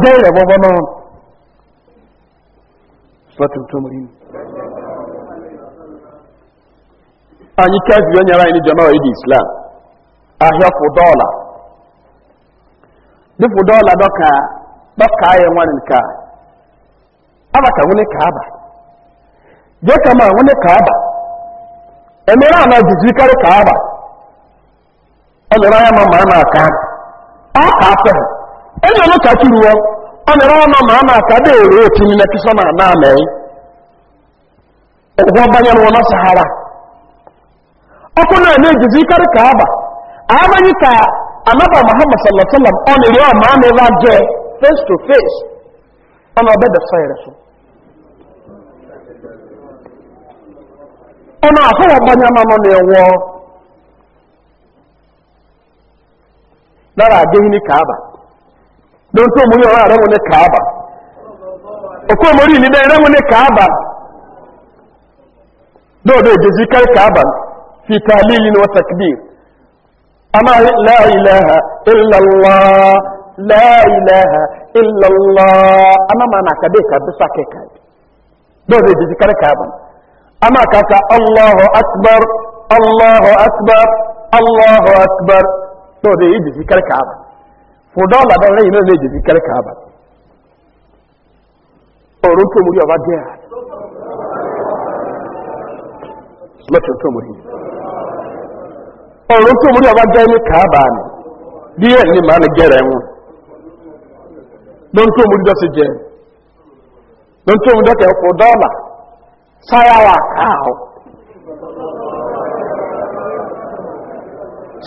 jama islam ya ka dɔ ka. aba ka nwene ka aba je kama nwene ka emere ana jizirikarị ka aba ọ nọrọ anya ma ma na aka ọ ka afọ ha enyi ọnụ ka kiruo ọ nọrọ anya ma na aka dị ere otu nne kisa na ana amị ụgwọ banye n'ụwa na sahara ọkụ na-eme jizirikarị kaaba. aba amaghị ka anaba muhammad sallallahu alaihi wasallam ọ nọrọ ma na ebe a face to face ọnụ ọbẹ̀ bẹ̀ sọ so ọnụ àfọwọ́ bọ́nyá máa mọ́ ní ẹwọ́ lára ní kàábà lóun tó mú ní ọ̀rọ̀ àrẹ́wọ̀n ní kàábà òkú òmórí ní bẹ́ẹ̀ rẹ́wọ̀n ní kàábà dóòdó ìjẹsí kárí kàábà fi tààlì na wọ́n tàkbí àmà láàrín ilẹ̀ la ilaha illallah ana mana na dai ka bisa kai do ka ban amma ka ka Allahu akbar Allahu akbar Allahu akbar to dai ka ban fo dola da rai ne ka ban oro to muri oba dia lati ni ka ban ni don tó mú dọ́sí jẹ don tó mú dọ́kẹ̀ ọkọ̀ dọ́là sáyàwà káàó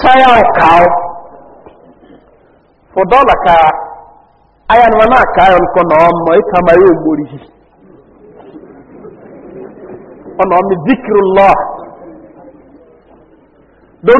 sáyàwà káàó fò dọ́là ká ayánwà náà káàyọ̀ nǹkan náà ọmọ ìka máa yóò gbórí yìí ọ̀nà ọmọ ìdíkìrì lọ́ọ̀ don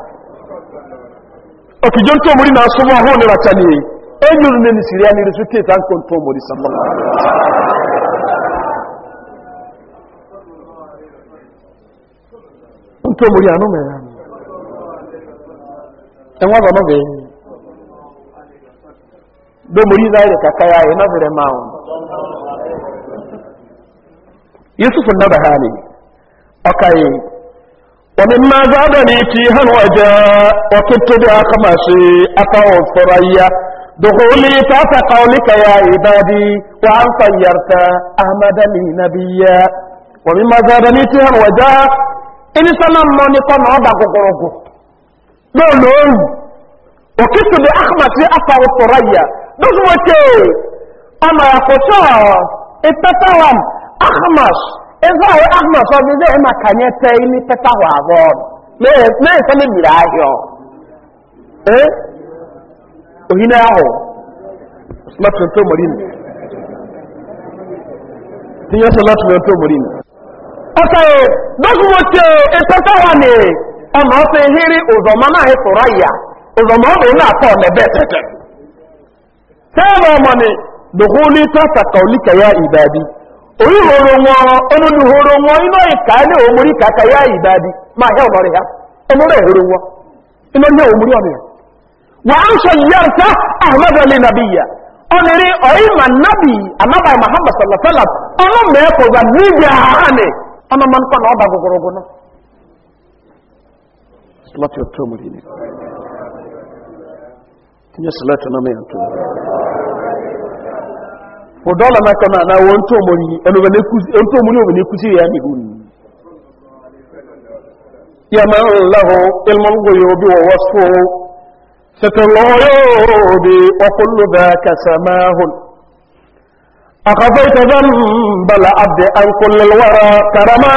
okijo nto muri na somo ho ne batani enyuru ne ni siria ni risu kita nko nto muri sallallahu alaihi wasallam nto muri anu me ya enwa ba no be do muri za ile kakaya ya na vile mawo yusuf ndo bahali okay ومما زادني تيها وجاء وكنت بأخمشي أطعوذ ثريا دخولي تحت قولك يا عبادي وأن طيرت أحمدني نبيا ومما زادني تيها وجاء إن سلمني تنعد غرغو لولو وكنت بأخمشي أطعوذ ثريا دخولي أما يا فتاة اتتوام أخمش ịzọghị ahụmahụ ọbịbịa ịhụ maka nye te imi peta hụ na-ese mebiri ahịa ee ohine ahụ sọlọtụ morin tinye sọlọtụ morin nwoke na ọsọ ehiri ụzọma naghị tụrụ ya ụzọma ọ bụ na-atọ ebe tete tee ya oríhoro nwa olólùhoro nwa iná ìka ní òmùrí kàkà yá ìbàdí máa hẹ́ ọ̀nọ́rẹ̀ ya ọmọrẹ̀ ìhoro wọn iná ní onye ọ̀nà wà á ń sọ ìyá ìta ahmadu ali nabiya ọ̀nìrí ọ̀ìmà nabi anábàá muhammad sallasala ọ̀nà mẹ́kọ̀ọ́ gba níbi àhánì ọ̀nà máa ń pa náà ọba gogorogo náà. slot your na fọdọ́là náà kan náà wọ́n tó mọ̀ ní òbí ní kúsí ìyá nìgbò ní ya máa ń láhùn ilmọ́gbò yóò bí wọ́wọ́ sọ sẹ̀tọ̀lọ́ yóò bí ọkùnlù bá kàṣà máa hùn bala abdẹ an kullelwara karama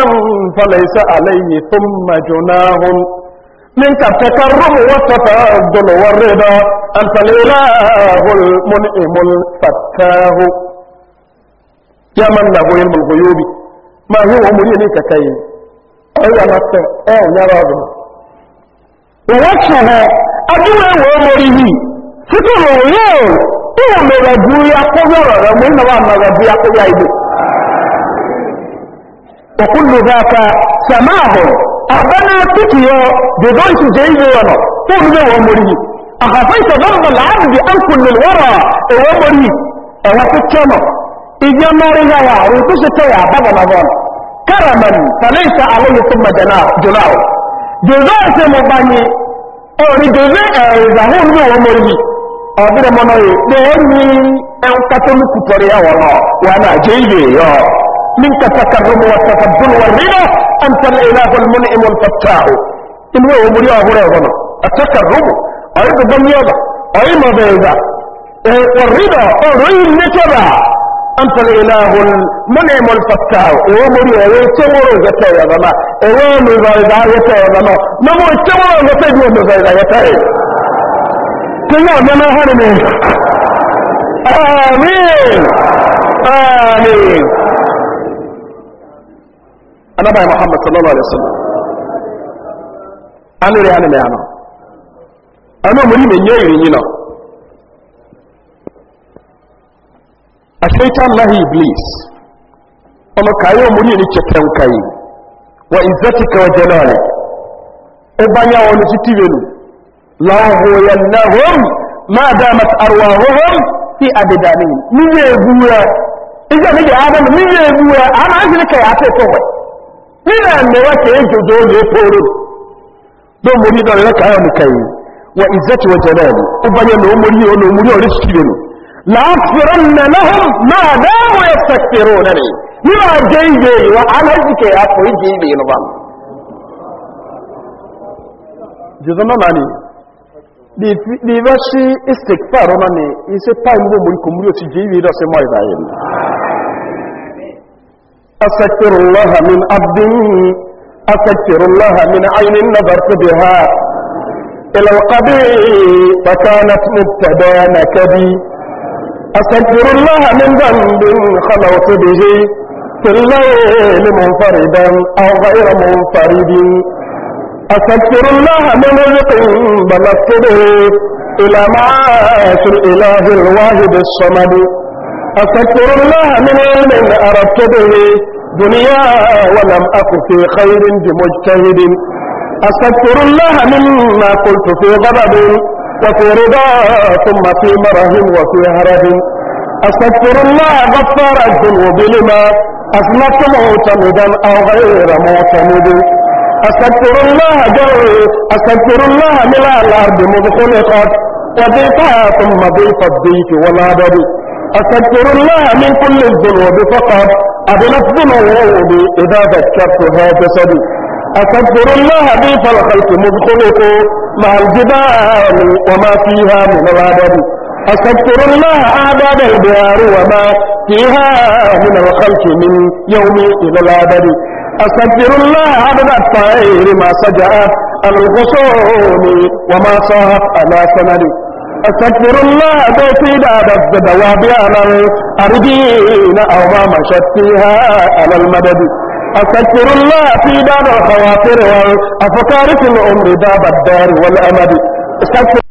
falaisa alayhi tun majunahun ninka takarrum wata ta dulwar rida an talilahul mun'imul fattahu ya ma na goyen mulgo yobi ma he wa muri ne ka kai ai ya na ta eh ya rabu wa wasu ha aduwe wa muri hi fito ro yo to me ga bu ya ko ro ro na wa na ga bu ya ko ya ido wa kullu dhaka samahu abana tikiyo de don su je yi wa no to me wa muri hi dhanba al-abdi an kullu إذا مرنا يا ويكوش تيا بابا نظام كرما فليس عليه ثم جناه جناه جزاء سمباني أولي جزاء زهور نو ومري أبدا منوي دهني أو كتم كتوريا والله وأنا جيبي يا منك التكرم والتفضل والرضا أنت الإله المنعم الفتاح إن هو مريا هنا هنا التكرم أيضا بنيابة أيضا بيضا أه، والرضا أرين نتبع أنت الإله المنعم الفتاح ومن إيه إيه يتمر زكاة يا ظما إمام الزكاة يا ظما نمو يتمر زكاة يوم الزكاة يا تاي كنا منا هرمي آمين آمين أنا بقى محمد صلى الله عليه وسلم أنا ريان يعني ميانا أنا مريم يجري هنا a shaitan lahi iblis ọmọ kayo muri ni cetan kai wa izzatika wa jalali e banya wa ni tibelu la ma damat arwahuhum fi abdani ni ye buwa ija ni ga adam ni ye ana ji ni kai ate to wai ni na ne wa ke jojo ne toro mu wa izzati wa jalali e لأغفرن لهم ما داموا يستكبرونني يرى جيبي وعلى جيبك يا أخوي جيبي نظام جزم ماني دي بشي استكبار ماني إيسي طايم بو ملكم ليو سجيبي دا سمائي دائم أستكبر الله من عبد أستكبر الله من عين نظرت بها إلى القبيل فكانت مبتدا نكبي أستغفر الله من ذنب خلوت به في الليل منفردا أو غير منفرد أستغفر الله من رزق بلغت به إلى معاش الإله الواحد الصمد أستغفر الله من علم أردت به دنيا ولم أكن في خير بمجتهد أستغفر الله مما قلت في غضب وفي رضا ثم في مره وفي هرب أستغفر الله غفار الذنوب لما أسلفت معتمدا أو غير معتمد أستغفر الله جوي أستغفر الله ملا الأرض مذ خلقت وضيفها ثم ضيف الضيف والعدد أستغفر الله من كل الذنوب فقط ابلغ ذنوبي إذا هذا جسدي أستغفر الله لي فالخلق مدخلك مع الجبال وما فيها من العدد أستغفر الله أعداد البيار وما فيها من الخلق من يوم إلى العدد أستغفر الله عدد الطير ما سجع على الغصون وما صاحب على سندي أستغفر الله بيتي داد الزبواب على الأرضين أو ما مشت فيها على المدد أستر الله في باب الخواطر والأفكار في الأمر باب الدار والأمد